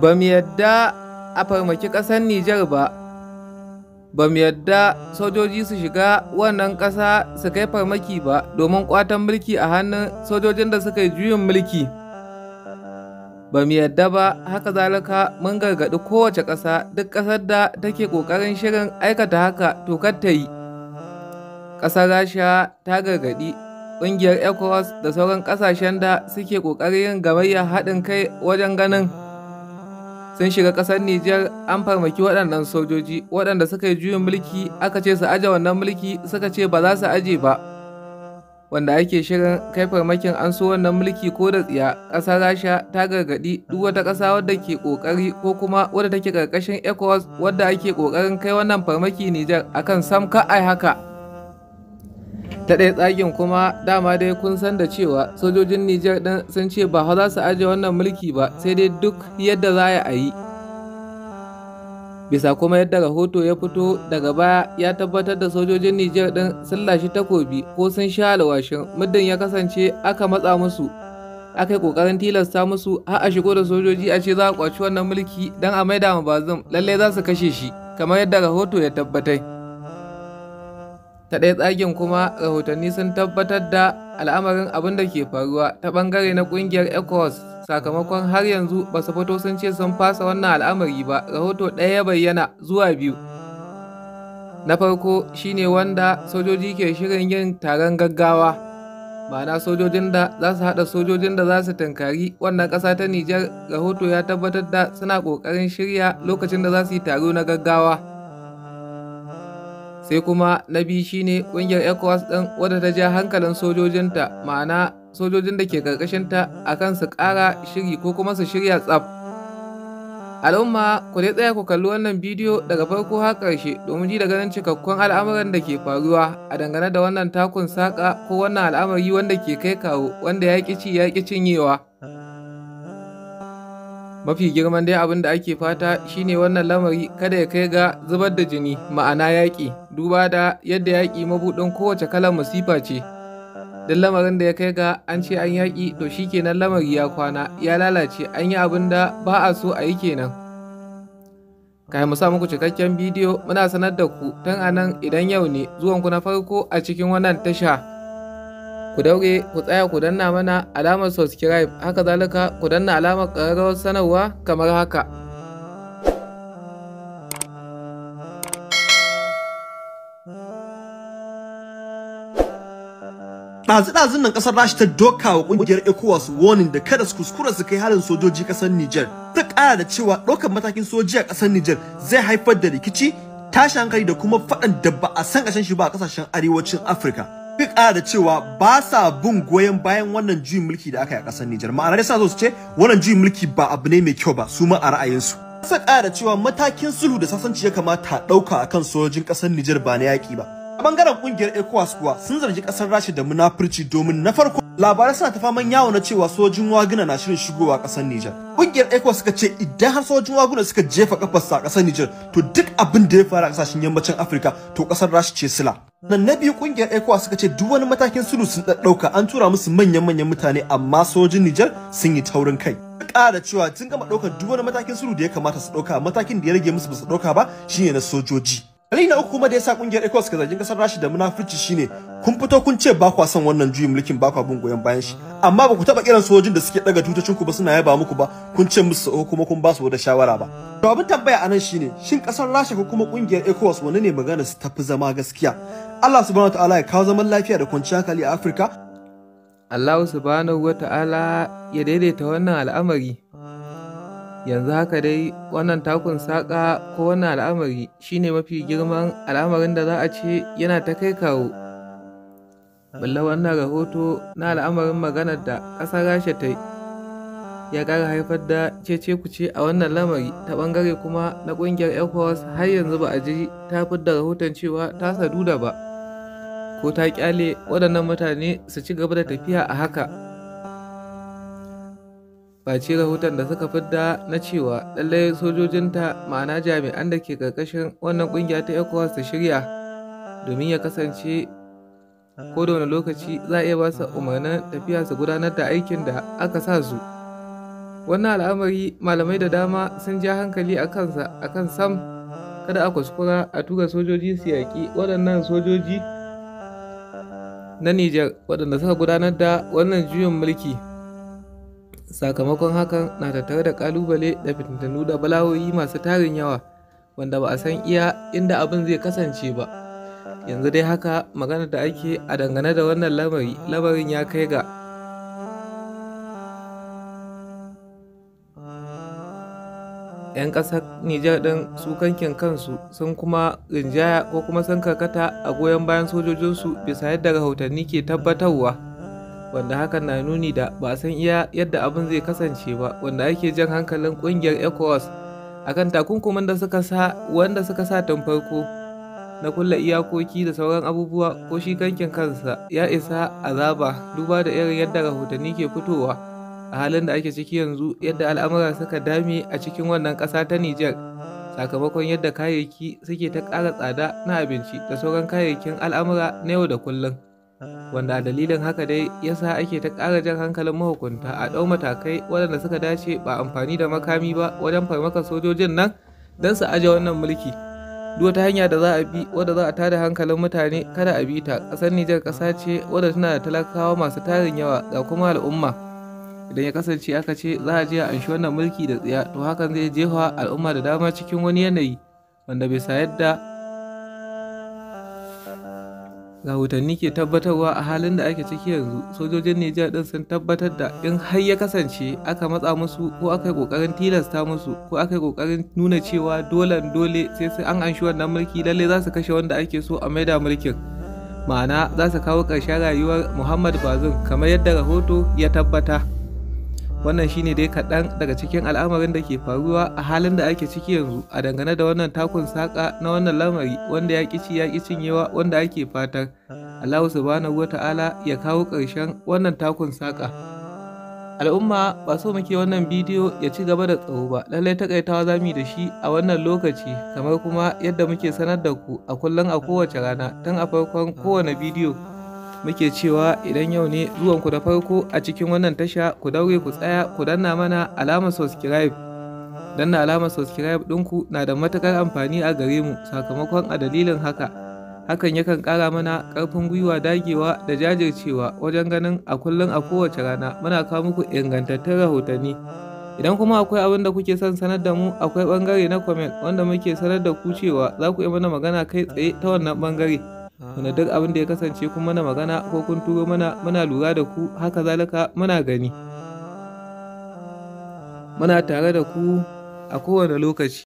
ba mu yadda a farmaki ƙasar Nijar ba, ba mu yadda sojoji su shiga wannan ƙasa su kai farmaki ba domin ƙwatan mulki a hannun sojojin da suka yi juyin mulki. Ba mu yadda ba haka zalika mun gargaɗi kowace ƙasa duk ƙasar da take ƙoƙarin shirin aikata haka to ta yi. Ƙasar Rasha ta gargaɗi ƙungiyar ECOWAS da sauran ƙasashen da suke ƙoƙarin yin gamayyar haɗin kai wajen ganin sun shiga ƙasar Nijar an farmaki waɗannan sojoji waɗanda suka yi juyin mulki aka ce su aje wannan mulki suka ce ba za su aje ba. Wanda ake shirin kai farmakin an so wannan mulki ko da tsiya ƙasar Rasha ta gargaɗi duk wata ƙasa wadda ke ƙoƙari ko kuma wadda take ƙarƙashin ECOWAS wadda ake ƙoƙarin kai wannan farmaki Nijar akan sam ka ai haka. ta ɗaya tsagen kuma dama dai kun san da cewa sojojin nijar ɗin sun ce ba za su aje wannan mulki ba sai dai duk yadda za a yi bisa kuma yadda rahoto ya fito daga baya ya tabbatar da sojojin nijar ɗin sun lashi takobi ko sun sha alwashin muddin ya kasance aka matsa musu aka yi ƙoƙarin tilasta musu har a shigo da sojoji a ce za a kwaci wannan mulki don a maida ma bazum lallai za su kashe shi kamar yadda rahoto ya tabbatar ta ɗaya tsagen kuma rahotanni sun tabbatar da al'amarin abin da ke faruwa ta ɓangare na ƙungiyar ecos sakamakon har yanzu ba su fito sun ce sun fasa wannan al'amari ba rahoto ɗaya ya bayyana zuwa biyu na farko shine wanda sojoji ke shirin yin taron gaggawa ma'ana sojojin da za su haɗa sojojin da za su tunkari wannan ƙasa ta Nijar rahoto ya tabbatar da suna ƙoƙarin shirya lokacin da za su yi taro na gaggawa. sai kuma na biyu shine ƙungiyar ecowas ɗin wadda ta ja hankalin sojojinta ma'ana sojojin da ke ƙarƙashinta a kan su ƙara shiri ko kuma su shirya tsaf al'umma ku dai tsaya ku kalli wannan bidiyo daga farko har ƙarshe domin ji da ganin cikakkun al'amuran da ke faruwa a dangane da wannan takun saƙa ko wannan al'amari wanda ke kai kawo wanda ya ƙi ci ya ƙi cinyewa mafi girman dai abin da ake fata shine wannan lamari kada ya kai ga zubar da jini ma'ana yaƙi duba da yadda yaƙi mabuɗin kowace kalar masifa ce Duk lamarin da ya kai ga an ce an yaƙi to shi kenan lamari ya kwana ya lalace an yi abin da ba a so a yi kenan Ka mu sa muku cikakken bidiyo muna sanar da ku tun a nan idan yau ne zuwanku na farko a cikin wannan tasha ku daure ku tsaya ku danna mana alamar subscribe haka zalika ku danna alamar ƙararrawar sanarwa kamar haka Ɗazu-ɗazun nan ƙasar Rashi ta doka wa ƙungiyar ECOWAS warning da kada su kuskura su kai halin sojoji ƙasar Nijar. Ta ƙara da cewa ɗaukar matakin soji a ƙasar Nijar zai haifar da rikici, tashin hankali da kuma faɗan da ba a san ƙasashen shi ba a ƙasashen arewacin Afirka. duk ana da cewa ba sa bin goyon bayan wannan juyin mulki da aka yi a ƙasar Nijar ma'ana yasa so su ce wannan juyin mulki ba abu ne mai kyau ba su ma a ra'ayinsu sa ƙara cewa matakin sulhu da sasanci ya kamata ɗauka a kan sojojin ƙasar Nijar ba na yaƙi ba a bangaren ƙungiyar ECOWAS kuwa sun zargi ƙasar Rasha da munafurci domin na farko labarai suna ta faman yawo na cewa sojin waguna na shirin shigowa kasar Nijar. Ƙungiyar Eko suka ce idan har sojin waguna suka jefa kafarsa a kasar Nijar to duk abin da ya faru a ƙasashen yammacin Afirka to kasar Rasha ce sila. Nan na biyu ƙungiyar Eko suka ce duk wani matakin sulu sun ɗauka an tura musu manyan-manyan mutane amma sojin Nijar sun yi taurin kai. ƙara cewa tun gama ɗaukar duk wani matakin sulu da ya kamata su ɗauka matakin da ya rage musu ba su ɗauka ba shine na sojoji. ali na uku kuma da ya sa kungiyar ECOWAS ka zargin kasar Rashi da munafurci shine kun fito kun ce ba kwa son wannan juyin mulkin ba kwa bin goyon bayan shi amma ba ku taba kiran sojojin da suke daga tutocin ku ba suna yaba muku ba kun ce musu ko oh, kuma kun ba su wata shawara ba. To abin tambaya anan shine shin kasar Rasha ko kuma kungiyar ECOWAS wani ne magana su tafi zama gaskiya? Allah subhanahu wataala ya kawo zaman lafiya da kwanciyar hankali a Afirka. Allah subhanahu wataala ya daidaita wannan al'amari. yanzu haka dai wannan takun saƙa ko wannan al'amari shine mafi girman al'amarin da za a ce yana ta kai kawo balla wannan rahoto na al'amarin maganar da ƙasar rasha ta yi ya ƙara haifar da cece ce a wannan lamari ta ɓangare kuma na ƙungiyar force har yanzu ba a ji ta da rahoton cewa ta saduda ba ko ta ƙyale waɗannan mutane su ci gaba da tafiya a haka face rahoton da suka fidda na cewa lallai sojojinta ma'ana jami'an da ke ƙarƙashin wannan ƙungiya ta ecowas ta shirya domin ya kasance ko da wani lokaci za a iya ba su umarnin tafiya su gudanar da aikin da aka sa su wannan al'amari malamai da dama sun ja hankali a kansa a kan sam kada a kuskura a tura sojoji su yaƙi waɗannan sojoji na Nijar waɗanda suka gudanar da wannan juyin mulki sakamakon hakan na tattare da kalubale da fitintanu da balawoyi masu tarin yawa wanda ba a san iya inda abin zai kasance ba yanzu dai haka magana da ake a dangane da wannan lamari lamarin ya kai ga yan ƙasar nijar ɗin su kankin kansu sun kuma rinjaya ko kuma sun karkata a goyon bayan sojojinsu bisa yadda rahotanni ke tabbatarwa wanda hakan na nuni da ba san iya yadda abin zai kasance ba wanda ake jan hankalin kungiyar ecowas akan takunkumin da suka sa wanda suka sa tun farko na kulla iyakoki da sauran abubuwa ko shi kankin kansa ya isa azaba duba da irin yadda rahotanni ke fitowa a halin da ake ciki yanzu yadda al'amura suka dame a cikin wannan ƙasa ta Nijar sakamakon yadda kayayyaki suke ta ƙara tsada na abinci da sauran kayayyakin al'amura na yau da kullum. wanda a dalilin haka dai ya sa ake ta ƙara jan hankalin mahukunta a ɗau matakai waɗanda suka dace ba amfani da makami ba wajen farmakar sojojin nan don su aje wannan mulki duk wata hanya da za a bi wadda za a tada hankalin mutane kada a bi ta ƙasar Nijar ƙasa ce wadda tana da talakawa masu tarin yawa ga kuma al'umma idan ya kasance aka ce za a je a anshi wannan mulki da tsiya to hakan zai jefa al'umma da dama cikin wani yanayi wanda bai sayar yadda rahotanni ke tabbatarwa a halin da ake ciki yanzu sojojin Nijar din sun tabbatar da in har ya kasance aka matsa musu ko aka yi kokarin tilasta musu ko aka yi kokarin nuna cewa dole dole sai sai an anshi wannan mulki lalle za su kashe wanda ake so a maida mulkin ma'ana za su kawo ƙarshen rayuwar Muhammad Bazum kamar yadda rahoto ya tabbata. wannan shine dai kaɗan daga cikin al'amarin da ke faruwa a halin da ake ciki yanzu a dangane da wannan takun saƙa na wannan lamari wanda ya ƙi ci ya ƙi cinyewa wanda ake fatar allahu subhanahu Ta'ala ya kawo ƙarshen wannan takun saƙa al'umma ba so muke wannan bidiyo ya ci gaba da tsawo ba lallai takaitawa za mu da shi a wannan lokaci kamar kuma yadda muke sanar da ku a kullum a kowace rana tun a farkon kowane bidiyo muke cewa idan yau ne zuwanku da farko a cikin wannan tasha ku daure ku tsaya ku danna mana alamar subscribe danna alamar subscribe ɗinku na da matukar amfani a gare mu sakamakon a dalilin haka hakan yakan ƙara mana ƙarfin gwiwa dagewa da jajircewa wajen ganin a kullum a kowace rana muna kawo muku ingantattun rahotanni idan kuma akwai abin da kuke son sanar da mu akwai bangare na comment wanda muke sanar da ku cewa za ku yi mana magana kai tsaye ta wannan bangare wanda duk abin da ya kasance kuma mana magana ko kun turo mana muna lura da ku haka zalika muna gani muna tare da ku a kowane lokaci